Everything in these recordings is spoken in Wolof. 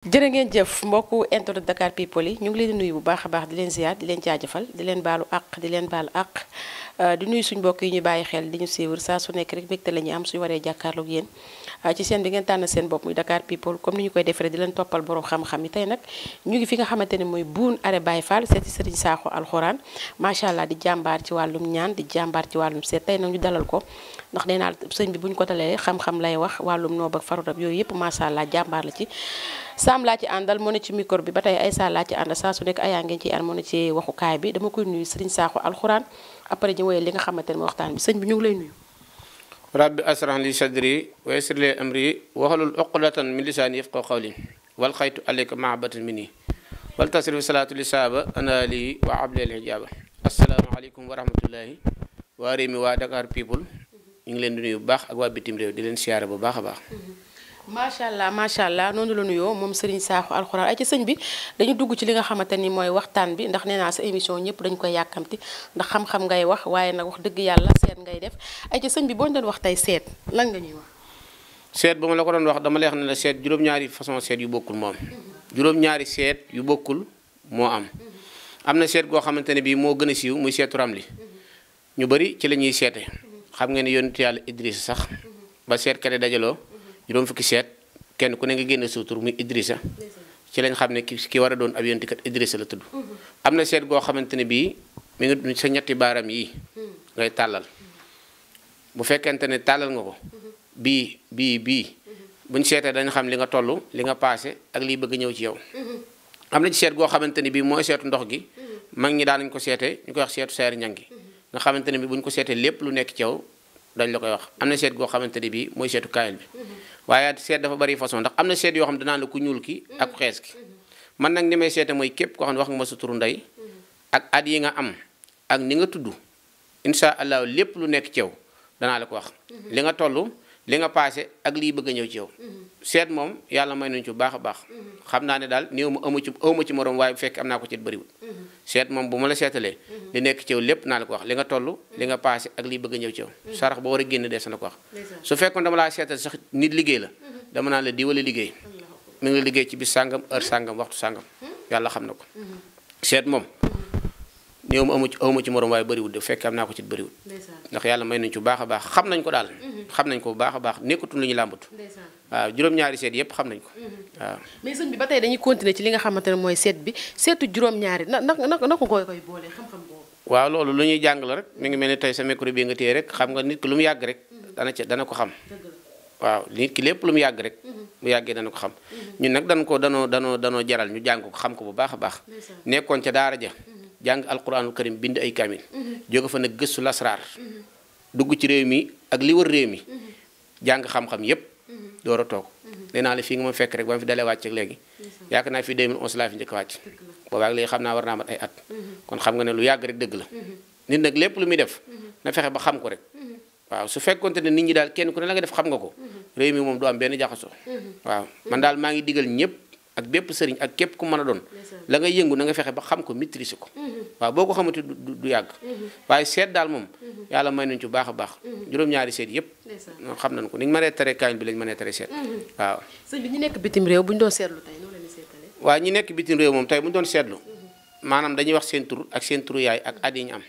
jërë ngeen jëf mbokku internet Dakar People yi ñu ngi leen di nuyu bu baax a baax di leen ziar di leen jaajëfal di leen baalu àq di leen baalu àq euh, di nuyu suñ mbokk yi ñu bàyyi xel di ñu siiwar saa su nekk rek mbégte la ñuy am suñu waree jàkkaarloog yéen euh, ci seen bi ngeen tànn seen bopp muy Dakar People comme ni ñu koy defee di leen toppal borom xam-xam yi tey nag ñu ngi fi nga xamante ne mooy Boun Arrêt Baye Fall seeti Serigne Sakho alxuraan macha allah di jàmbaar ci wàllum ñaan di jàmbaar ci wàllum tey nag ñu dalal ko ndax nee naa sëñ bi bu ñu ko talee xam-xam lay wax wàllum noob ak faru rab yooyu yëpp macha allah jàmbaar la ci saam laa ci àndal moo ne ci micro bi ba tey ay saa laa ci àndal saa su nekk ayaa ngeen ciy ànd moo ne ci waxukaay bi dama koy nuyu sëriñ saaxu alxuraan après ñu woyee li nga xamante ne mooy waxtaan bi sëñ bi ñu ngi lay nuyu rabbi asrah li sadri wa yassir li amri waxalul uqdatan min lisaani yafqahu qawli wal xaytu alayka mahabatan minni wal tasrif salaatu li saaba anaali wa ableel hijaaba asalaamaaleykum wa rahmatullahi waa réew mi waa Dakar people ñu ngi leen di nuyu bu baax ak waa bitim réew di leen siyaare bu baax a baax. Mm-hmm. macha allah macha allah noonu la nuyoo moom Serigne Sakho alxuraan ay ci sëñ bi dañu dugg ci li nga xamante ni mooy waxtaan bi ndax nee naa sa émission ñëpp dañ koy yàkkamti ndax xam-xam ngay wax waaye nag wax dëgg yàlla seet ngay def ay ci sëñ bi boo ñu doon wax tey seet lan nga ñuy wax. seet ba ma la ko doon wax dama lay wax ne la seet juróom-ñaari façon seet yu bokkul moom mm-hmm. juróom-ñaari seet yu bokkul moo am mm-hmm. am na seet goo xamante ne bii moo gën a siiw muy seetu ramli ñu bëri ci la ñuy seete xam ngeen ne yonentu yàlla Idrissa sax ba seetkat yi dajaloo juróom fukki seet kenn ku ne nga génne suutur muy Idrissa ci lañ xam ne ki ki war a doon ab yonent kat Idrissa la tudd am na seet goo xamante ne bii mi ngi ñetti baaram yi tàllal bu fekkente ne tàllal nga ko bii bii bii buñ seetee dañ xam li nga toll li nga paase ak liy bëgg ñëw ci yow am na ci seet goo xamante ni bii mooy seetu ndox gi mag ñi daan nañ ko seetee ñu koy wax seetu seer ñangi nga xamante ne bi bu ñu ko seetee lépp lu nekk ci dañ la koy wax am na seet goo xamante ne bi mooy seetu kaayal bi mm-hmm. waaye seet dafa bari façon ndax am na seet yoo xam ne danaa la ku ñuul ki ak xees ki mm-hmm. man nag ni may seete mooy képp koo xam ne wax nga ma sa turu ndey mm-hmm. ak at yi nga am ak ni nga tudd incha allah lépp lu nekk ci danaa la ko wax li nga toll li nga paase ak lii bëgg ñëw ci yaw mm-hmm. seet moom yàlla may nañu ci baax a baax. Mm-hmm. xam naa ne daal néew ma amu ci awma ci morom waaye bu fekkee am naa ko ci bëriwul. Mm-hmm. seet moom bu ma la seetalee. li nekk ci yow lépp naa la ko wax li nga toll li nga paase ak lii bëgg a ñëw ci yow. sarax ba war a génn des na ko wax. su dama laa seetal sax nit liggéey la. dama naa la diwale liggéey. mi ngi liggéey ci bis sàngam heure sàngam waxtu sàngam. yàlla xam na ko. moom. néew ma amu ci awma ci morom waaye bëriwul de bu am naa ko ci bëriwul. ndax yàlla may nañu ci baax a baax xam nañ ko daal xam nañ ko bu baax a baax nekkatul lu ñu làmbatu waaw juróom-ñaari seet yëpp xam nañ ko mhm. waaw ba tey dañuy continuer ci li nga xamante ne mooy seet bi seetu juróom-ñaari na na na ko koy koy waaw loolu lu ñuy jàng la rek mu ngi mel ni tey sa micro bi nga téye rek xam nga nit ki lu mu yàgg rek mhm. dana ca dana ko xam waaw nit ki lépp lu mu yàgg rek mu mhm. yàggee dana ko xam ñun nag dañ ko danoo danoo danoo jaral ñu jàng ko xam ko bu baax a baax nekkoon ca daara ja jàng alquranul karim bind ay kaamil jóge fa nag gëstu lasraar dugg ci réew mi ak li war réew mi mhm. jàng xam-xam yépp mhm. door a toog mhm. nee naa la fii nga ma fekk rek ba ma fi dalee wàcc ak léegi yaakaar naa fi 2011 laa fi njëkk wàcc boobaag léegi xam naa war naa mat ay at kon xam nga ne lu yàgg rek la nit nag lépp lu muy def na fexe ba xam ko rek waaw su fekkonte ne nit ñi daal kenn ku ne la nga def xam nga ko réew mi moom du am benn jaxasoo waaw man daal maa ngi digal ñëpp ak bépp sëriñ ak képp ku mën a doon la ngay yëngu na nga fexe ba xam ko maîtriser ko mm-hmm. waaw boo ko xamante du yàgg mm-hmm. waaye seet daal moom mm-hmm. yàlla may nañ ci baax a baax juróom-ñaari seet yëpp noonu xam nañ ko ni ñu mënee tere bi lañ mënee tere seet waaw sëñ bi ñu nekk bitim réew bu ñu doon seetlu tey moom tey bu ñu doon seetlu maanaam dañuy wax seen tur ak seen turu yaay ak at am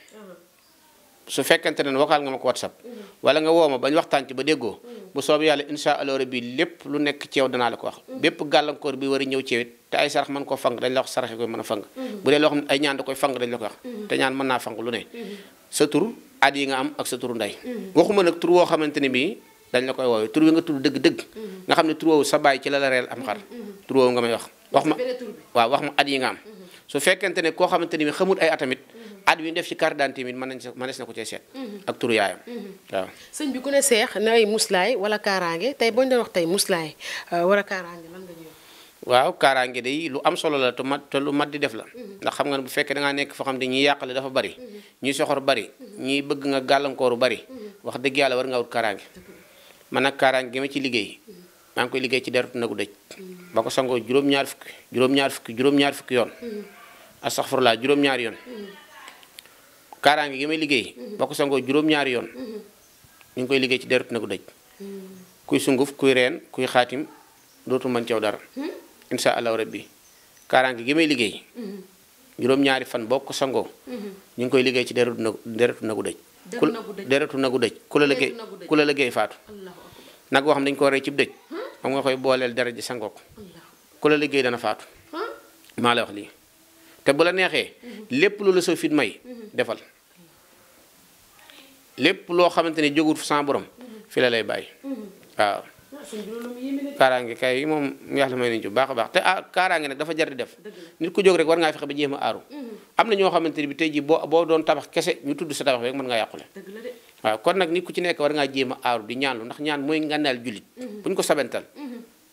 su fekkente ne waxaal nga ma ko whatsapp wala nga woo bañ waxtaan ci ba déggoo bu soobee yàlla incha allah rabbi lépp lu nekk ci danaa la ko wax bépp gàllankoor bi war a a fang bu ñaan da koy fang dañ la ko wax te ñaan mën naa fang lu ne sa tur at yi nga am ak sa turu ndey waxuma nag tur woo xamante ne dañ la koy woowee tur wi nga tudd dëgg-dëgg nga xam ne tur woowu sa baay ci la la reel am xar tur woowu nga may wax wax ma waaw wax ma at yi nga am mhm. su fekkente at wi ñu def ci carte d'identité bi mën nañ man na ko cee seet mhm. ak turu yaayam mhm. waaw sëñ bi ku ne seex nay muslaay wala kaaraange tey boo ñu doon wax tey muslaay euh, wala kaaraange lan nga ñëw waaw kaaraange day lu am solo la te mat te lu mat di def la mhm. ndax xam nga ne bu fekkee da nekk foo xam ne ñiy yàqale dafa bari ñuy soxor bari ñiy bëgg nga gàllankooru bari wax dëgg yàlla war nga wut kaaraange man nag kaaraange gi ma ci liggéey maa ngi koy liggéey ci deretu nagu dëj ba ko sangoo juróom-ñaar fukki juróom fukki juróom-ñaar fukki yoon juróom-ñaar yoon kaaraange gi may liggéey ba ko sangoo juróom-ñaari yoon ñu ngi koy liggéey ci deru na ko dëj kuy sunguf kuy reen kuy xaatim dootu mën ceew dara insha allahu rabbi kaaraange gi may liggéey juróom-ñaari fan boo ko sangoo ñu ngi koy liggéey ci deretu nagu deretu nagu dëj deretu nagu dëj ku la liggéey ku la liggéey faatu nag boo xam dañu ko rey cib dëj xam nga koy booleel deret ji sangoo ku la liggéey dana faatu maa la wax lii te bu la neexee lépp lu la soo fit may defal lépp loo xamante ne jógut sans borom fi la lay bàyyi waaw kaaraange kay moom yàlla may nañu ci bu baax a baax te ah kaaraange nag dafa jar di def nit ku jóg rek war ngaa fexe ba jéem a aaru am na ñoo xamante ne bi tey jii boo boo doon tabax kese ñu tudd sa tabax rek mën ngaa yàqule waaw kon nag nit ku ci nekk war ngaa jéem a aaru di ñaanlu ndax ñaan mooy ngànnaal jullit buñ ko sabental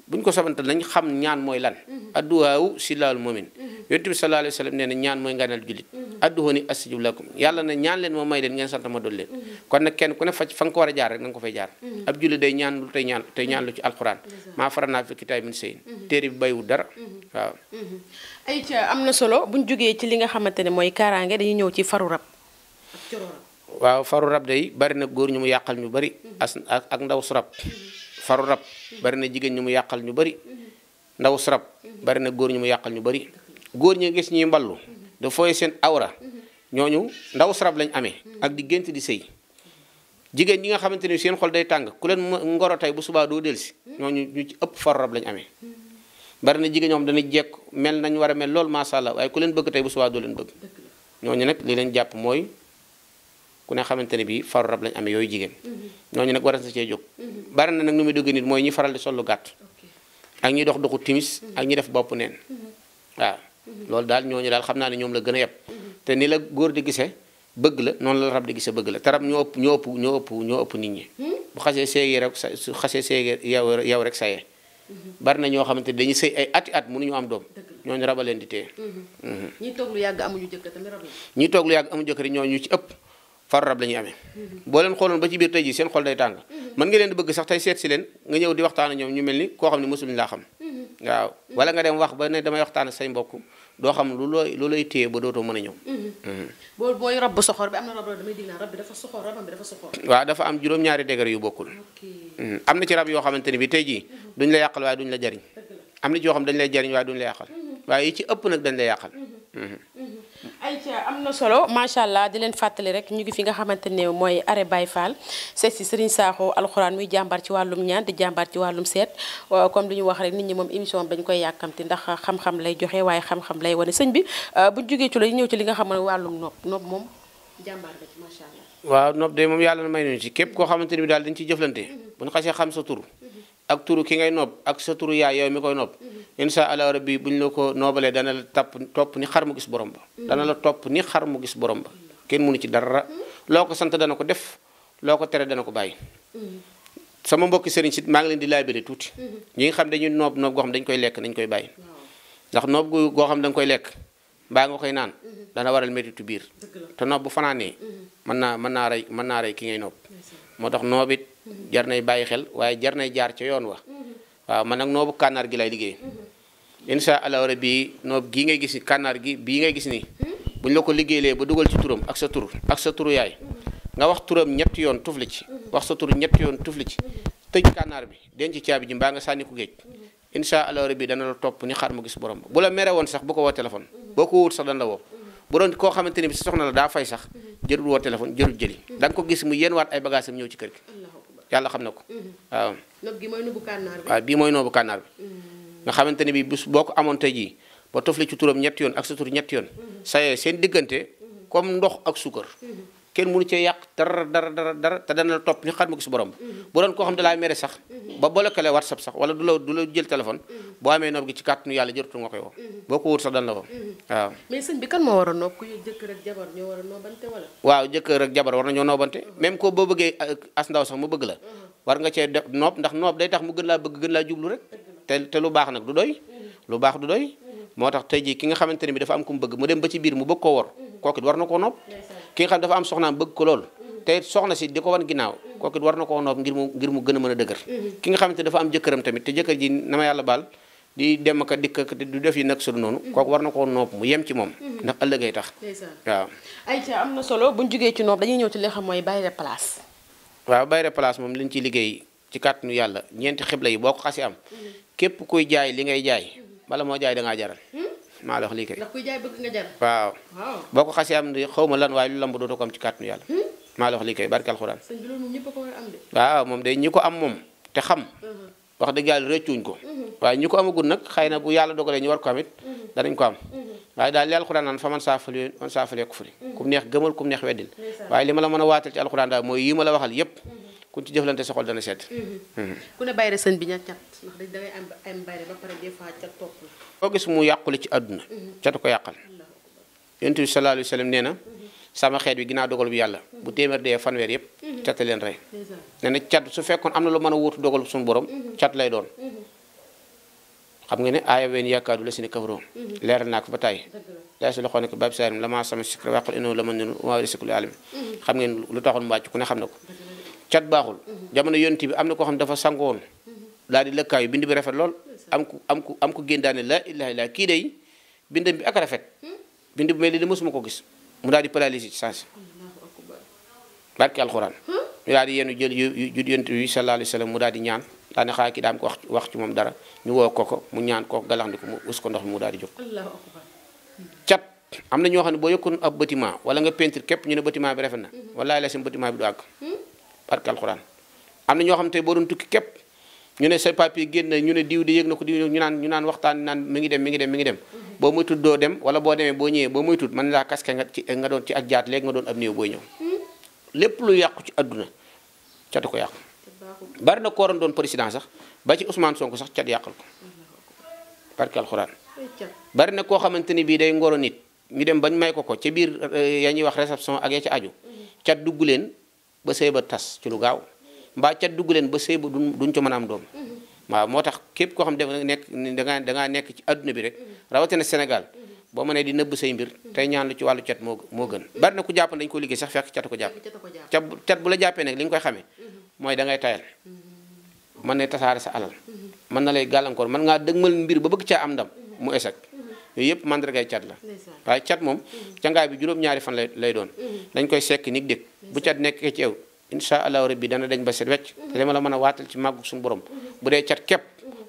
buñ ko sobante nañ xam ñaan mooy lan mhm. adduwaawu silaalu mumin mhm. yonent bi sallallahu alayhi wa sallam nee na ñaan mooy nganal jullit mhm. adduhooni astajib lakum yàlla ne ñaan leen ma may leen ngeen sant ma doon leen kon nag kenn ku ne fa fa nga ko war a jaar rek na nga ko fay jaar ab jullit day ñaan lu tey ñaan tey ñaan lu ci alquran maa fara naa fi kitaab min seen téere bi bay bayiwu dara waaw ay ca am na solo bu buñ jógee ci li nga xamante ne mooy kaaraange dañuy ñëw ci faru rab waaw faru rab day bari na góor ñu mu yàqal ñu bari as ak ndaw su faru rab bari na jigéen ñu mu yàqal ñu bari ndawus rab bari na góor ñu mu yàqal ñu bari góor ñi gis ñuy mballu da fooy seen awra ñooñu ndawus rab lañ amee ak di gént di sëy jigéen ñi nga xamante ni seen xol day tàng ku leen ngoro tey bu subaa doo delsi ñooñu ñu ci ëpp faru rab lañ amee bari na jigéen ñoom dana jekk mel nañ war a mel loolu macha allah waaye ku leen bëgg tey bu subaa doo leen bëgg ñooñu nag li leen jàpp mooy ku ne xamante ne bii faru rab lañ amee yooyu jigéen mm-hmm. ñooñu nag war na sa cee jóg mm-hmm. bari na nag nu muy dugg nit mooy ñi faral di sollu gàtt ak ñi dox doxu timis mm-hmm. ak ñi def bopp neen waaw loolu daal ñooñu daal xam naa ne ñoom la gën a yeb te ni la góor di gise bëgg la noonu la rab di gise bëgg la te rab ñoo ëpp ñoo ëpp ñoo ëpp ñoo ëpp nit ñi hmm? bu xasee su xasee séegee yow yow rek sayee bari na ñoo xamante dañuy sëy ay ati at mënuñu am doom ñooñu rab a di téye ñi toog lu yàgg amuñu ëpp far rab la ñuy boo leen xooloon ba ci biir tey jii seen xol day tàng mën nga leen di bëgg sax tey seet si leen nga ñëw di waxtaan ak ñoom ñu mel ni koo xam ne mosul ñu laa xam waaw wala nga dem wax ba ne damay waxtaan ak say mbokk doo xam lu looy lu looy téye ba dootoo mën a ñëw mm-hmm. boo booy rab bu soxor bi am na rab damay dafa am juróom-ñaari degré yu bokkul mm-hmm. am na ci rab yoo xamante ni bi tey jii duñ la yàqal waaye duñ la jariñ am na joo yoo xam dañ lay jariñ waaye duñ la yàqal mm-hmm. waaye yi ci ëpp nag dañ lay yàqal ayca am na solo macha allah di leen fàttali rek ñu ngi fi nga xamante ne mooy are bay faal seet si Serigne Sakho alxuraan muy jàmbaar ci wàllum ñaan di jàmbaar ci wàllum seet euh, comme li ñu wax rek nit ñi moom émission dañ koy yàkkamti ndax xam-xam lay joxe waaye xam-xam lay wane sëñ bi euh, bu jógee ci la ñëw ci li nga xam ne wàllum nopp nopp moom jàmbaar la ci macha waaw nopp de moom yàlla na may nañu ci képp koo xamante ni bi daal dañu ciy jëflante mm-hmm. bu ñu xasee xam sa tur mm-hmm. ak turu ki ngay nopp ak sa turu yaay yow koy nopp mm-hmm. incha allah bi bu ñu la ko noobalee dana la tapp topp ni xar mu gis borom ba mm. dana la topp ni xar mu gis borom ba kenn mënu ci dara mm. loo ko sant dana ko def loo ko tere dana ko bàyyi mm. sama mbokki sëriñ si maa ngi leen di laabire tuuti mm-hmm. xam dañuy noob noob goo xam dañu koy lekk dañu koy bàyyi ndax noob goo xam da nga koy lekk mbaa nga koy naan mm-hmm. dana waral métitu biir te noob bu fanaanee mm-hmm. mën naa mën naa rey mën naa rey ki ngay noob moo tax noobit jar nay bàyyi xel waaye jar nay jaar ca yoon wa waaw man nag noobu kànnaar gi lay liggéey incha allah rabi noob gi ngay gis kànnaar gi bii ngay gis nii bu ñu la ko liggéeylee ba dugal ci turam ak sa tur ak sa tur yaay nga wax turam ñetti yoon tufli ci wax sa tur ñetti yoon tufli ci tëj kànnaar bi denc caabi ji mbaa nga sànni ko géej incha allah rabi dana la topp ni xar mu gis borom bu la mere woon sax bu ko woo téléphone boo ko wut sax dana la woo bu doon koo xamante ni bi sa soxna la daa fay sax jërul woo téléphone jërul jëli da nga ko gis mu yéen waat ay bagages am ñëw ci kër gi yàlla xam na ko mm-hmm. waaw. noob gi mooy noobu bi nga xamante ne bii bés boo ko amoon tey jii ba tofle ci turam ñetti yoon ak sa tur ñetti yoon mhm. sa ya seen diggante comme ndox ak suukar mhm. kenn mënu cee yàq dara dara dara dara te dana la topp ni xar ma gis borom mhm. bu doon koo ba bolokale whatsapp sax wala du la du la jël téléphone boo amee nopp gi ci kàttanu yàlla ko wóor sax dan la woo waaw mais sëñ bi kan moo war a nopp ku jëkkër ak jabar war a noobante wala waaw jëkkër ak jabar na ñoo noobante même ko boo bëggee euh, as ndaw sax mu bëgg la war nga cee def noob ndax noob day tax mu gën laa bëgg gën laa jublu rek te te lu baax nag du doy mm-hmm. lu baax du doy mm-hmm. moo tax tey jii ki nga xamante ne bi dafa am ku mu bëgg mu dem ba ci biir mu bëgg koo war mm-hmm. kooku war na koo nopp ki nga xam dafa bëgg ko lool te soxna si di ko wan ginnaaw kooku war na koo nopp ngir mu ngir mu gën a mën a dëgër ki nga xamante dafa am jëkkëram tamit te jëkkër ji na ma yàlla baal di dem ak dikk ak du def yi nag sunu noonu kook war na koo noob mu yem ci moom ndax ëllëgay tax waaw ayca am na solo buñ jógee ci noob dañuy ñëw ci li xam mooy bayre place waaw bayre place moom liñ ci liggéey ci nu yàlla ñeenti xibla yi boo ko xasi am képp koy jaay li ngay jaay bala moo jaay da ngaa jaral hmm? maa la wax lii kay ndax kuy waaw boo ko xasee am di xaw ma lan waaye lu lamb dootoo ko am ci kàttanu yàlla hmm? maa la wax lii kay barke alxuraan sëñ moom a am de moom day ñi ko am moom te xam hmm. wax dëgg yàlla rëccuñ ko waaye ñi ko amagul nag xëy na bu yàlla dogalee ñu war ko am it danañ ko am waaye daal li alxuraan naan fa man saafalee man saafalee ko furi ku neex gëmal ku neex weddil waaye li ma la mën a waatal ci alxuraan yi ma la waxal yépp ku ci jëflante soxol dana sedd. Mhm. Mhm. ku ne bayre bi ña cat ndax da ngay am la. gis mu yàqule ci àdduna. Mhm. catu ko yàqal. yonent bi sallallahu alayhi na. sama xeet bi ginaa dogal bu yàlla. bu téeméer dee fanweer yëpp. cat leen rey. nee na cat su fekkoon am na lu mën a wóotu dogal suñu borom. cat lay doon. xam nga ne aaya ween yaakaadu la si ne kafaroo leeral naa ko ba tàyyi lay si loxo nekk baab saarim la maa sama sikra waqul innahu la man nenu waaw risikul alam xam ngeen lu taxoon mu xam na ko cat baaxul jamono yonti bi am na koo xam dafa sangoon daal di lëkkaayu bind bi rafet lool am ku am ku am ku géndaane la ilaha kii day bind bi ak rafet bind bi mel ni mosuma ko gis mu daal di paralysé ci sens barki alxuraan ñu daal di yenu jël yu jud yonti bi sallallahu alayhi mu daal di ñaan daa ne daa ki ko wax wax ci moom dara ñu woo ko ko mu ñaan ko galaxndiku mu us ko ndox mi mu daal di jóg cat am na ñoo xam ne boo yokkoon ab bâtiment wala nga peinture képp ñu ne bâtiment bi rafet na wallaay la seen bâtiment bi du barke alxuraan am na ñoo xam te boo doon tukki képp ñu ne say papier génn ñu ne diw di yëg na ko diw ñu naan ñu naan waxtaan naan mi ngi dem mi ngi dem mi ngi dem mhm. boo boo demee boo ñëwee boo moytut mën laa kaske nga ci nga hmm? lépp lu yàqu ci adduna cat ko yàqu bari na kooran doon président sax ba ci Ousmane Sonko sax cat yàqal ko barke alxuraan bari na koo xamante ni bii day ngoro nit ñu dem bañ may ko ko ca biir eh, yaa ñuy wax réception ak ya ca aju mhm. cat dugg leen ba sëy ba tas ci lu gaaw mbaa cat dugg leen ba sëy ba duñ duñ ca mën a am doom mm-hmm. waaw moo tax képp koo xam def nekk dangaa dangaa nekk ci adduna bi rek rawatina Sénégal boo mënee di nëbb say mbir tey ñaan lu ci wàllu cat moo moo gën bari na ku jàpp dañu ko liggéey sax fekk cat bu la jàppee nag li koy xamee mm-hmm. mooy da ngay tayal mm-hmm. mën tasaare sa alal mën na lay gàllankoor mën ngaa dëgmal mbir ba bëgg caa am ndam mu échec yooyu yëpp mandargay cat la waaye cat moom mhm. cangaay bi juróom-ñaari fan lay lay doon mhm. dañ koy sekk nig dég bu cat nekkee ci yow incha allahu rabbi dana dañ ba set wecc mhm. te dama la mën a waatal ci màggu suñu borom bu dee cat képp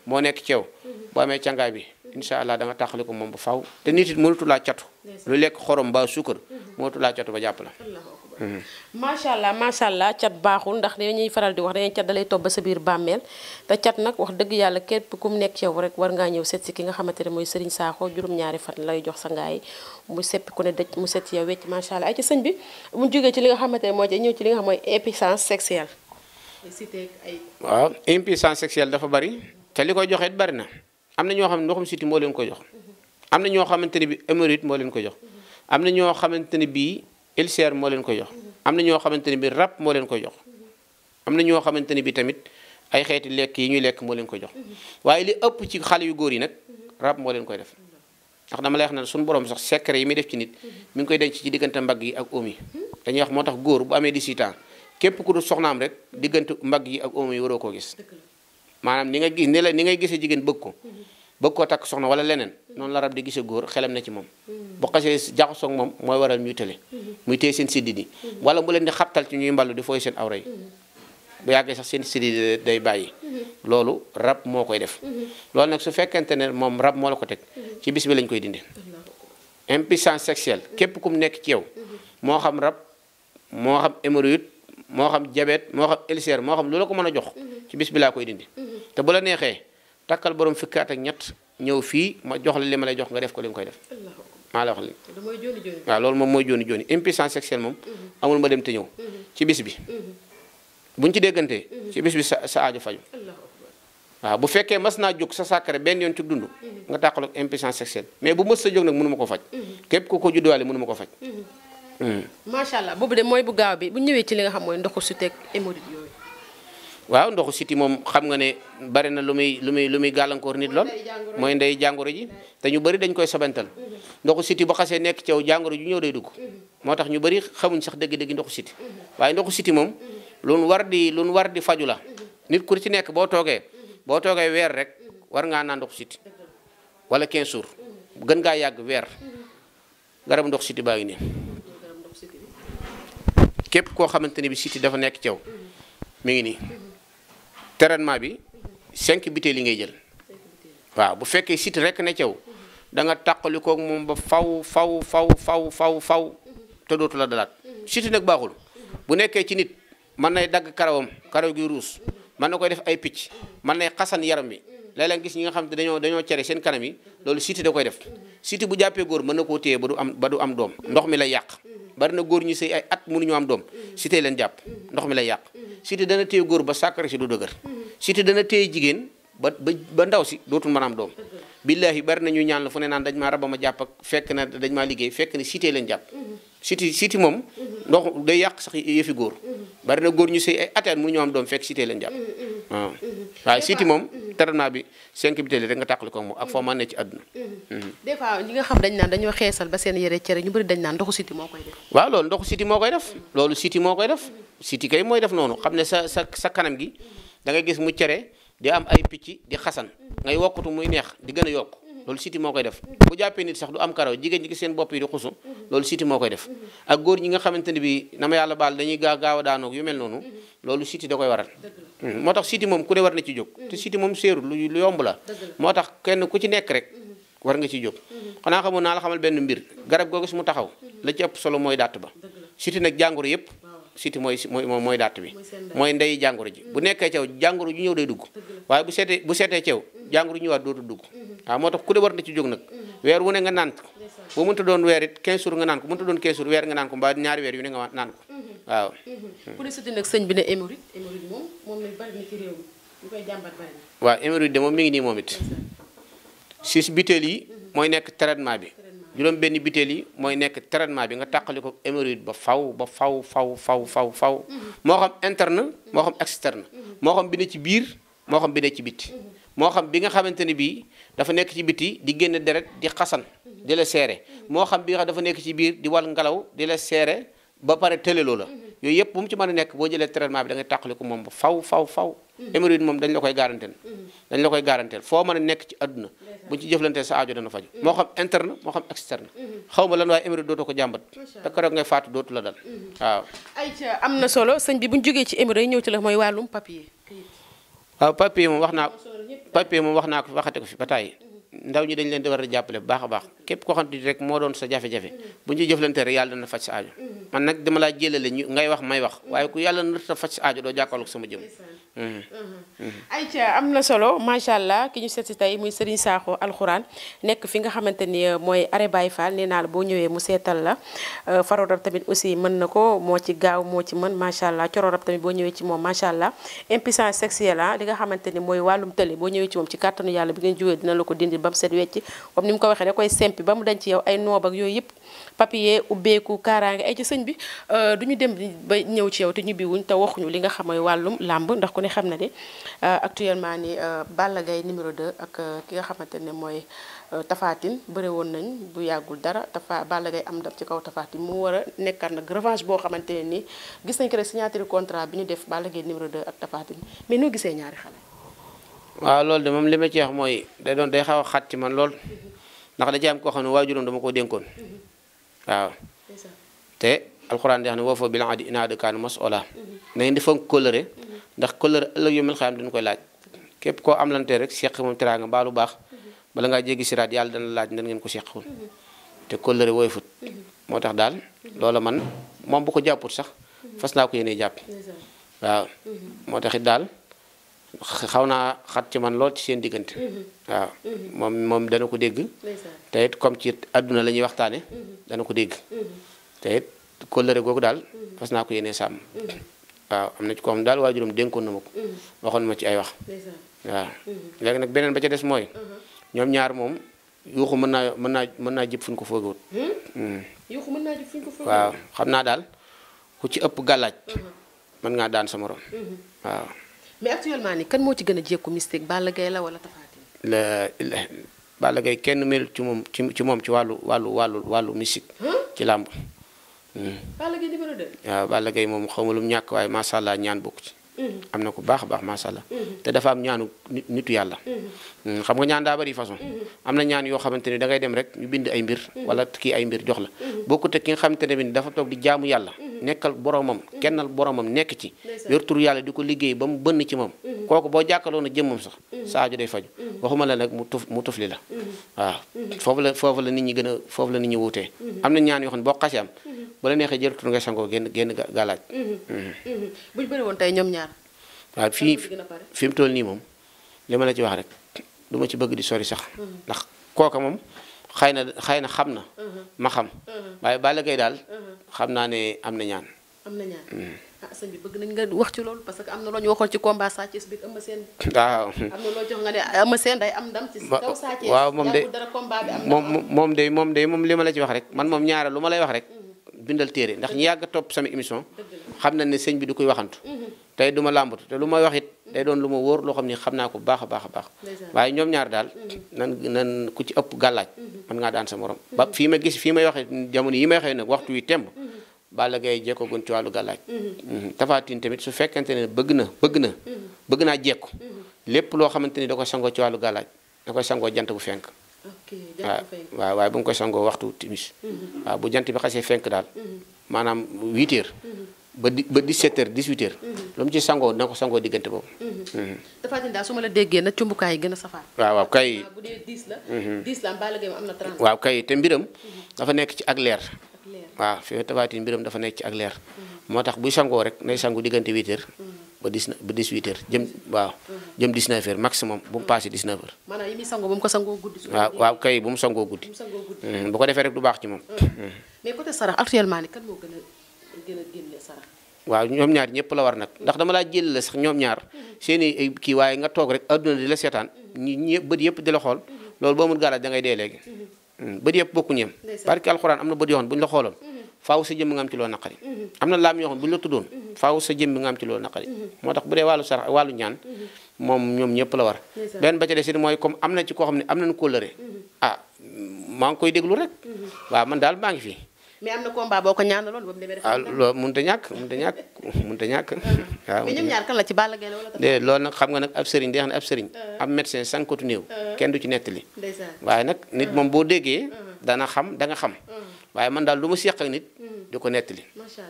moo nekk ci boo amee cangaay bi incha allah da nga ko moom ba faw te nit it mënatu laa catu lu lekk xorom ba suukar mënatu laa catu ba jàpp la Mm-hmm. macha allah macha allah cat baaxul ndax ñuy faral di wax dañuy cat dalay topp ba sa biir bàmmeel te cat nag wax dëgg yàlla képp ku mu nekk yow rek war ngaa ñëw seet ki nga xamante ne mooy sëriñ Sakho juróom-ñaari fan lay jox sa ngaay mu seppi ku ne dëj mu set yow wecc macha allah ay ci sëñ bi mu jógee ci li nga xamante ne moo ci ñëw ci li nga xam mooy impuissance sexuelle. waaw impuissance sexuelle dafa bari te li koy joxee bari na am na ñoo xam ne ndoxum siti moo leen koy jox am na ñoo xamante ne bi hémorroïde moo leen ko jox ulcère moo leen ko jox am na ñoo xamante ne bi rab moo leen koy jox am na ñoo xamante ne bi tamit ay xeeti lekk yi ñuy lekk moo leen ko jox waaye li ëpp ci xale yu góor yi nag rab moo leen koy def ndax dama lay wax ne suñu borom sax secret yi muy def ci nit mu ngi koy denc ci diggante mbag yi ak oom yi dañuy moo tax góor bu amee di ans képp ku soxna am rek diggante mbag yi ak oom yi waroo koo gis maanaam ni nga gis ni la ni ngay gisee jigéen bëgg ko bëgg koo takk soxna wala leneen noonu la rab di gisee góor xelam na ci moom bu xasee jaxasoog moom mooy waral ñuy tële mhm. muy téye seen siddi yi mhm. wala mu leen di xabtal ci ñuy mballu di fooy seen awra yi mhm. bu yàggee sax seen siddi day bàyyi loolu rab moo koy def loolu nag su fekkente ne moom rab moo la ko teg ci bis bi lañ koy dindi impuissance sexuelle képp kum nekk ci yow moo xam rab moo xam hémorroïde moo xam jabet moo xam ulcère moo xam lu la ko mën a jox ci bis bi laa koy dindi te bu la neexee takkal borom fukki ak ñett ñëw fii ma jox li ma lay jox nga def ko li koy def maa la wax li waaw loolu moom mooy joni joni impuissance sexuelle moom mhm. amul ma dem te ñëw mhm. ci bis bi mhm. buñ ci déggantee ci bis bi sa sa aajo faju waaw bu fekkee mas naa jóg sa sàkkare benn yoon ci dund nga tàqal ak impuissance sexuelle mais bu mës sa jóg nag mënu ma ko faj képp ku ko judduwaale mënu ma ko faj hmm. macha allah boobu de mooy bu gaaw bi bu ñëwee ci li nga xam mooy ndoxu su teg hémorroïde waaw ndoxu siti moom xam nga ne bari na lu muy lu muy lu muy gàllankoor nit lool mooy ndey jàngoro ji te ñu bëri dañ koy sobantal ndoxu siti ba xasee nekk caw jàngoro ju ñëw day dugg moo tax ñu bëri xamuñ sax dëgg-dëgg ndoxu siti waaye ndoxu siti moom lu nu war di lu nu war di faju la nit ku ci nekk boo toogee boo toogee weer rek war ngaa naan ndoxu siti wala 15 jours gën gaa yàgg weer garabu ndox siti baa ngi nii képp koo xamante ne bi siti dafa nekk caw mi ngi nii traitement bi cinq butéel li ngay jël waaw bu fekkee site rek ne caw da nga tàqali koog moom ba faw faw faw faw faw faw te dootu la dalaat site nag baaxul bu nekkee ci nit mën nay dagg karawam karaw gi ruus mën na koy def ay picc mën nay xasan yaram bi léeg-léeg gis ñi nga xam te dañoo dañoo cere seen kanam yi loolu site da koy def site bu jàppee góor mën na koo téye ba du am ba du am doom ndox mi lay yàq bari na góor ñu sëy ay at mënuñu am doom site leen jàpp ndox mi lay yàq siti dana téye góor ba sàkkari si du dëgër siti dana téye jigéen ba ba ndaw si dootul mën a am doom billahi bari nañu ñaan la fu ne naan dañ maa raba ma jàpp ak fekk na dañ maa liggéey fekk ne sitee leen jàpp siti siti moom ndox day yàq sax yëfi góor bari na góor ñu sëy ay ateen mu ñoo am doom fekk sitee leen jàpp waaw waaye bi cinq bitéeli rek nga tàqali ko moom ak foo mën ne ci àdduna des fois ñi nga xam dañ naan dañoo xeesal ba seen yére cere ñu bëri dañ naan ndoxu siti moo loolu ndoxu siti moo koy def loolu siti moo koy def siti kay mooy def noonu xam ne sa sa sa kanam gi da ngay gis mu cere di am ay picc di xasan ngay wokkutu muy neex di gën a yokk loolu siti moo koy def bu jàppee nit sax du am karaw jigéen ñi gis seen bopp yi di xusu loolu siti moo koy def ak góor ñi nga xamante ne bi na ma yàlla baal dañuy gaaw gaaw a daanoog yu mel noonu loolu siti da koy waral hmm. moo tax siti moom ku ne war na ci jóg te siti moom séerul lu yomb la moo tax kenn ku ci nekk rek war nga ci jóg xanaa xamoon naa la xamal benn mbir garab googu su mu taxaw la ci solo mooy daat ba siti nag jàngoro yëpp siti mooy mooy mooy dàtt bi mooy ndey jàngoro ji bu mm-hmm. nekkee cew jàngoro ju ñëw day dugg waaye bu seetee bu seetee cew mm-hmm. jàngoro ju ñëwaat dootul dugg mm-hmm. waaw moo tax ku de war na ci jóg nag weer wu ne nga naan ko bu doon weer it 15 nga naan ko mënta doon waaw mm. ku ne sëti nag sëñ bi ne hémorroïde hémorroïde na ci réew mi ñu koy jàmbat bari na waaw de moom mi ngi nii moom it six butéel yi mooy nekk traitement bi juróom benn butéel yi mooy nekk traitement bi nga tàqali ko hémorroïde ba faw ba faw faw faw faw faw mhm. moo xam interne moo xam mhm. externe mhm. moo xam bi ne ci biir moo bi ne ci biti moo xam bi nga xamante ni bii dafa nekk ci biti di génn deret di xasan di la seere moo xam bi nga xam dafa nekk ci biir di wal ngelaw di la seere ba pare tëleloo la yooyu yëpp bu mu ci mën a nekk boo jëlee traitement bi da ngay tàqali ko moom ba faw faw faw mm-hmm. hémorroïde moom dañ la koy garanteel mm-hmm. dañ la koy garanteel foo mën a nekk ci àdduna buñu ci jëflantee sa ajo dana faj mm-hmm. moo xam interne moo xam externe xaw ma lan waaye hémorroïde dootoo ko jàmbat te keroog ngay faatu dootu la dal waaw ay am na solo sëñ bi buñu jógee ci hémorroïde ñëw ci la mooy wàllum papier waaw ah, papier moom wax naa papier moom wax naa ko waxate ko fi ba tàyyi ndaw ñi dañ leen di war a jàppale bu baax a baax képp koo xamante ni rek moo doon sa jafe-jafe bu ñu jëflante rek yàlla dana faj sa aajo mm-hmm. man nag dama laa jëlale ngay wax may wax waaye ku yàlla narta faj sa aajo doo jàkkaarloog sama jëm Mm-hmm. Mm-hmm. ayca am na solo macha allah ki ñu seet si tey muy Serigne Sakho alxuraan nekk fi nga xamante ni euh, mooy Arrêt Baye Fall nee naa la boo ñëwee mu seetal la euh, farorab tamit aussi mën na ko moo ci gaaw moo ci mën macha allah cororab tamit boo ñëwee ci moom macha allah impuissance sexuelle ah, li nga xamante ni mooy wàllum tële boo ñëwee ci moom ci kàttanu yàlla bi ngeen jógee dina la ko dindi ba mu set wecc comme ni mu ko waxee da koy sempi ba mu dañ ci yow ay noob ak yëpp papier ubbeeku kaaraange ay ci sëñ bi euh, du ñu dem ba ñëw ci yow te ñibbiwuñ te waxuñu li nga xam mooy wàllum làmb ndax ku ne xam na de euh, actuellement ni euh, Balla Gaye numéro 2 ak ki nga xamante ne mooy tafaatin bëre woon nañ bu yàggul dara tafa Balla Gaye am ndam ci kaw tafaatin mu war a nekkaat nag revanche boo xamante ne nii gis nañ ko rek signature contrat bi ñu def Balla Gaye numéro 2 ak tafaatin mais noo gisee ñaari xale waaw loolu de moom li ma ci mooy day doon day xaw xat ci man lool ndax da ci koo xam ne waajuram dama ko dénkoon waaw te alxuraan di wax ne woo foo bil adi inaada kaan mas'uula mhm. na ngeen di fonk kóllëre mhm. ndax kóllëre ëllëg yomil xayaam dañu koy laaj képp koo amlante rek seq moom teraanga mbaa lu baax mhm. bala ngaa jéggi siraat yàlla dana laaj nan ngeen ko seqoon te kóllëre wooy fut moo tax daal loola man moom bu ko jàpput sax fas naa ko yéene jàpp waaw moo taxit daal xaw naa xat ci man lool ci seen diggante. Mhm. waaw mhm. moom moom dana ko dégg. te comme ci àdduna la ñuy waxtaane mhm. dana ko dégg. te it kóllëre googu daal fas naa ko yéenee sàmm. waaw am na ci ko xam daal waajuram dénkoon na ma ko. waxoon ma ci ay wax. waaw léegi nag beneen ba ca des mooy. Uh-huh. ñoom ñaar moom yuuxu mën naa mën naa mën naa jëpp fu ko foogewut. Hmm? Hmm. naa waaw xam naa daal ku ci ëpp gàllaaj uh-huh. mën ngaa daan sa morom uh-huh. waaw. mais actuellement nii kan moo ci gën a jékku mystique Balla Gaye la wala Tapha la Balla Gaye kenn mel ci moom ci ci moom ci wàllu wàllu wàllu wàllu mystique. ci làmb. Hmm. Balla Gaye numéro 2. waaw Balla Gaye moom xaw ma mu ñàkk waaye macha allah ñaan bokk ci. Mm-hmm. am na ku baax a baax macha allah. Mm-hmm. te dafa am ñaanu nit nitu yàlla. Mm-hmm. Mm, xam nga ñaan daa bari façon. am na ñaan yoo xamante ne dangay dem rek ñu bind ay mbir. wala kii ay mbir jox la. boo ko ki nga xamante ne bi dafa toog di jaamu yàlla. nekkal boromam kennal boromam nekk ci. yor yàlla di ko liggéey ba mu bënn ci moom. kooku boo jàkkaloon a jëmmam sax. saaju day faju waxuma la nag mu tuf mu tufli la. waaw foofu la foofu la nit ñi gën a foofu la nit ñi wutee. am na ñaan yoo xam ba la neexee jël tur nga sangoo génn génn galaaj. Mhm. Mhm. Mhm. bu ñu bëri woon tey ñoom ñaar. waaw fii fi mu toll nii moom li ma la ci wax rek du ci bëgg di sori sax. ndax kooka moom xay na xay na xam na. ma xam. waaye Balla kay daal. xam naa ne am na ñaan. am na ñaan. ah sëñ wax ci loolu parce que am na loo ñu waxoon ci combat Sa bi Eumeu Sène. waaw am na loo jox nga ah, am ndam ci kaw Sa Thiès. waaw moom de moom moom de moom de moom li ma la ci wax rek man moom ñaara lu ma lay wax rek. bindal téere ndax ñu yàgg topp sama émission xam na ne sëñ bi du koy waxantu tey du ma làmbatu te lu may wax it day doon lu ma wóor loo xam ne xam naa ko baax a baax a baax waaye ñoom ñaar daal nan nan ku ci ëpp gàllaaj mën ngaa daan sa morom ba ma gis fii may waxee jamono yi may waxee nag waxtu wi temb Balla Gaye jekkogun ci wàllu gàllaaj Tapha tamit su fekkente ne bëgg na bëgg na bëgg naa jekku lépp loo xamante ni da koy sangoo ci wàllu gàllaaj da koy sangoo jant bu fenk waaw waaw waaye bu nga koy sangoo waxtu timis mhm. waaw bu jant bi xasee fenk daal mhm. maanaam 8 mhm. ba di ba 17 heures 18 heures lu mu ci sangoo na ko sangoo diggante boobu dafa daal su ma la déggee nag cumbukaay yi gën a safaan waaw waaw kay bu waaw kay te mbiram dafa nekk ci ak leer waaw fi Tapha Tine mbiram dafa nekk ci ak leer moo tax buy sangoo rek nay sangu diggante 8 ba dix ba dix huit heures jëm waaw jëm dix neuf heures maximum bu mu passé dix neuf heures. maanaam yi muy sangoo mu ko sangoo guddi. waaw waaw kay bu mu sangoo guddi. bu hmm, ko defee rek du baax ci moom. Hmm. mais côté sarax actuellement ni kan waaw ñoom ñaar ñëpp la war nag ndax dama laa jël la sax ñoom ñaar hmm. seen kii waaye nga toog rek adduna di la seetaan ñi ñëpp bët yëpp di la xool loolu boo mun gaalaat da ngay dee léegi bët yëpp bokkuñu yem parce que alxuraan am na bët yoon xam bu ñu la xooloon faaw sa jëmm nga am ci loo mhm. na laam yoo xam la tuddoon mhm. faaw sa jëmm nga am ci loo mhm. moo tax bu dee wàllu sarax wàllu ñaan moom ñoom ñëpp la war benn ba ca des mooy comme am na ci koo xam ne am nañu kóllëre ah maa ngi koy déglu rek waaw man daal maa ngi fi mais am na combat boo ko ñaanaloon ba mu demee. ah loolu ñàkk mënut a ñàkk mënut a ñàkk. waaw la ci Balla Gaye wala. loolu nag xam nga nag ab sëriñ day xam ne ab sëriñ. Euh. ab médecin sànkatu néew. Euh. kenn du ci nettali. waaye nag nit euh. moom boo déggee. dana xam da nga xam. waaye man daal lu ma seq ak nit mm. di ko nettali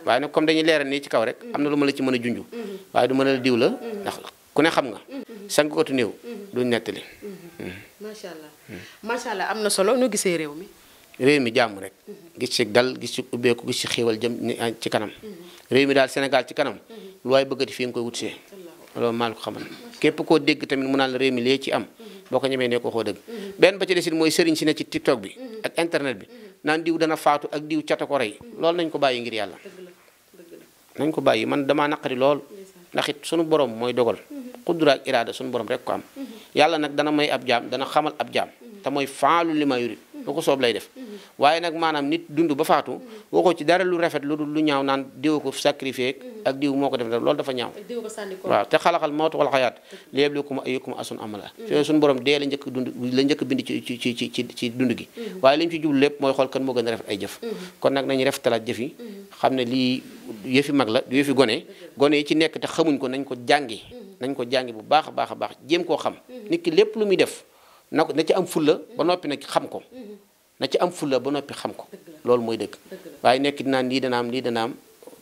waaye nag comme dañuy leeral nii ci kaw rek mm. am na lu ma la ci mën a mm-hmm. Mm-hmm. waaye du mën a diw la mm-hmm. ndax ku ne xam nga sang kotu néew du nettali macha allah macha allah am na solo nu gisee réew mi réew mi jàmm rek gis ci gal gis ci ubbeeku gis ci xéewal jëm ah, ci kanam réew mi daal Sénégal ci kanam lu waay bëggati fi nga koy wutsee loolu maa la ko xamal képp koo dégg tamit mu naan la réew mi lee ci am boo ko ñemee ne ko xoo dëgg benn ba ci desit mooy sëriñ si ne ci tiktok bi ak internet bi naan diw dana faatu ak diw cata ko rey loolu nañ ko bàyyi ngir yàlla nañ ko bàyyi man damaa naqari lool ndax it sunu borom mooy dogal xudura mhm. ak iraada sunu borom rek ko am mhm. yàlla nag dana may ab jaam dana xamal ab jaam mhm. te mooy faalu li ma yurit lu ko soob lay def waaye nag maanaam nit dund ba faatu mhm. waxoo ci dara lu rafet lu dul lu ñaaw naan diw ko sacrifié ak mhm. diw moo ko def loolu dafa ñaaw waaw te xalaxal mawtu wal xayaat liyabluwakum ayyukum ahsanu amala fee mhm. suñu borom dee la njëkk dund la njëkk bind ci ci ci ci ci dund gi waaye li ñu ci lépp mooy xool kan moo gën a rafet ay jëf kon nag nañu rafetalaat jëf xam ne lii yëfi mag la yëfi gone gone yi ci nekk te xamuñ ko nañ ko jàngi nañ ko jàngi bu baax a baax a baax jéem koo xam nit ki lépp lu muy def na na ci am fulla ba noppi nag xam ko na ci am fulla ba noppi xam ko loolu mooy dëgg waaye nekk dinaan lii dana am lii dana am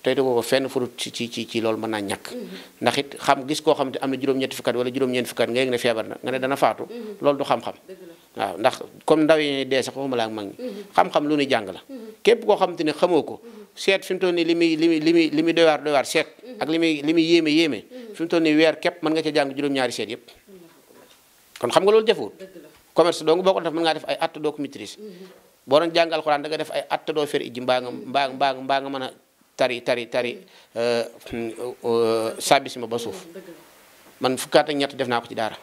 teytu booba fenn fu ci ci ci ci loolu mën naa ñàkk mhm. ndax it xam gis koo xam ne am na juróom-ñetti fukkat wala juróom-ñeent fukkat nga yëg ne feebar na nga ne dana faatu mhm. loolu du xam-xam waaw ndax comme ndaw yi dee sax waxuma la ak mag ñi mhm. xam-xam lu ñu jàng la képp koo xam te ne xamoo ko seet fi mu toll nii li muy li muy li muy li muy doy waar doy seet ak li muy li muy yéeme yéeme fi mu toll nii weer képp mën nga ca jàng juróom-ñaari seet yëpp kon xam nga loolu jafewul commerce dong boo ko def mën def ay at boo doon jàng alxuraan da nga def ay at doo fer ijji mbaa nga mbaa mbaa mbaa nga mën a tari tari tari euh, euh, sabisima ba suuf man fukkaat ak ñett def naa ko ci daara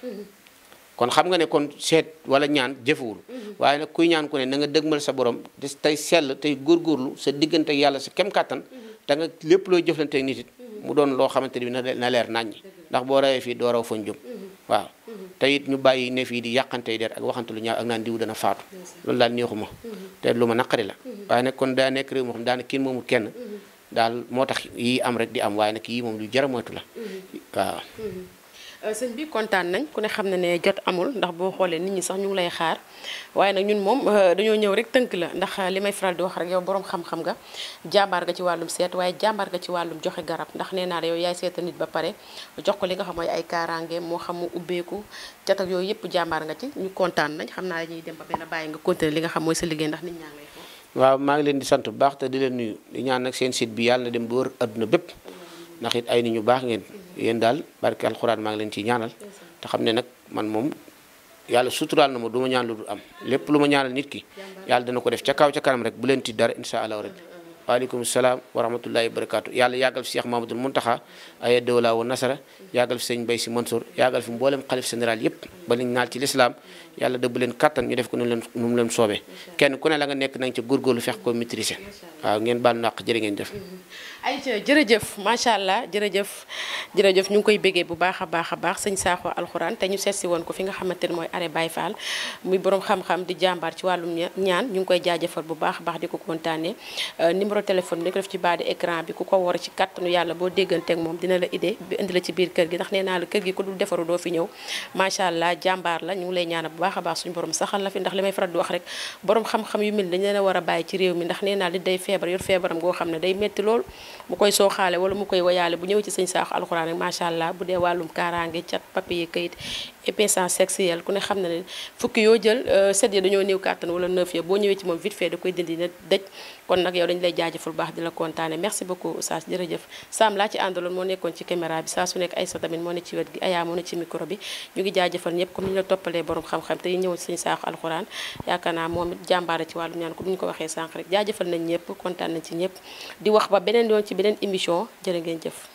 kon xam nga ne kon seet wala ñaan jëfewul waaye nag kuy ñaan ku ne nanga nga dëgmal sa borom des tey sell tey góorgóorlu sa diggante yàlla sa kem kàttan da nga lépp looy jëflante ak nit it mu doon loo xamante ni na leer naññi ndax boo rawee fii doo raw fañ jëm waaw te it ñu bàyyi neef yi di yàqantey der ak waxante lu ñaaw ak naan diw dana faatu loolu daal neexuma mm-hmm. te lu ma naqari la mm-hmm. waaye nag kon daa nekk réew moo xam daana kenn moomul kenn mm-hmm. daal moo tax yi am rek di am waaye nag yii moom lu jaramoytu la waaw Euh, sëñ bi kontaan nañ ku ne xam na ne jot amul ndax boo xoolee nit ñi sax ñu ngi lay xaar waaye nag ñun moom euh, dañoo ñëw rek tënk la ndax euh, li may faral di wax rek yow boroom xam-xam nga jàmbaar nga ci wàllum seet waaye jàmbaar nga ci wàllum joxe garab ndax nee naa yow yaay seeta nit ba pare jox ko li nga xam mooy ay kaaraange moo xam ubbeeku cat ak yëpp jàmbaar nga ci ñu kontaan nañ xam naa ñuy dem ba benn bàyyi nga continuer li nga xam mooy sa liggéey ndax nit ñaa ngi lay foofu waaw maa ngi leen di sant bu baax te di leen nuyu di ñaan nag seen site bi yàlla na dem ba wër adduna bépp ndax it ay nit ñu baax ngeen yéen daal barke alxuraan maa ngi leen ciy ñaanal te xam ne nag man moom yàlla suturaal na ma du ma ñaan lu dul am lépp lu ma ñaanal nit ki yàlla dana ko def ca kaw ca kanam rek bu leen ti dara insha allah rabbi waaleykum salaam wa rahmatullahi wa barakatu yàlla yàggal fi Cheikh Mamadou Mountakha aya dawla wa nasara yàggal fi sëñ Mbaye Sy Mansour yàggal fi mboolem xalif général yépp ba liñ naal ci lislaam yàlla dëbb leen kattan ñu def ko nu leen nu mu leen soobee kenn ku ne la nga nekk nañ ca góorgóorlu fex ko maîtriser waaw ngeen baal naq jërë ngeen def ay jërëjëf macha allah jërëjëf jërëjëf ñu ngi koy béggee bu baax a baax a baax sëñ Sakho alxuraan te ñu seet woon ko fi nga xamante ne mooy are Baye Fall muy borom xam di jàmbaar ci wàllum ñaan ñu ngi koy jaajëfal bu baax a baax di ko kontaanee euh, numéro téléphone bi ko def ci bi ku ko war ci kàttanu yàlla boo dégganteeg moom dina la idée bi indi la ci biir kër gi ndax nee naa la kër ku dul defaru doo fi ñëw macha allah jàmbaar la ñu ngi lay ñaanal bu baax a baax suñu borom saxal la fi ndax li may faral di wax rek borom xam-xam yu mel dañ leen a war a bàyyi ci réew mi ndax nee naa li day feebar yor feebaram goo xam ne day metti lool mu koy sooxaale wala mu koy woyaale bu ñëwee ci sëñ saaxu alxuraan rek macha allah bu dee wàllum kaaraange cat papier kayit épaisseur sexuel ku ne xam na ne fukki yoo jël euh, set ya dañoo néew kàttan wala neuf ya boo ñëwee ci moom vite fait da koy dindi na dëj kon nag yow dañu lay jaajëfal baax di la kontaane merci beaucoup Oustaz jërëjëf Sam laa ci àndaloon moo nekkoon ci caméra bi saa su nekk Aïssa tamit moo ne ci wet gi Aya moo ne ci micro te ñëw suñu saaxu alxuraan yaakaar naa moom it jàmbaara ci wàllum ñaan ko bu ñu ko waxee sànq rek jaajafal nañ ñëpp kontaan nañ ci ñëpp di wax ba beneen yoon ci beneen émission jërë ngeen jëf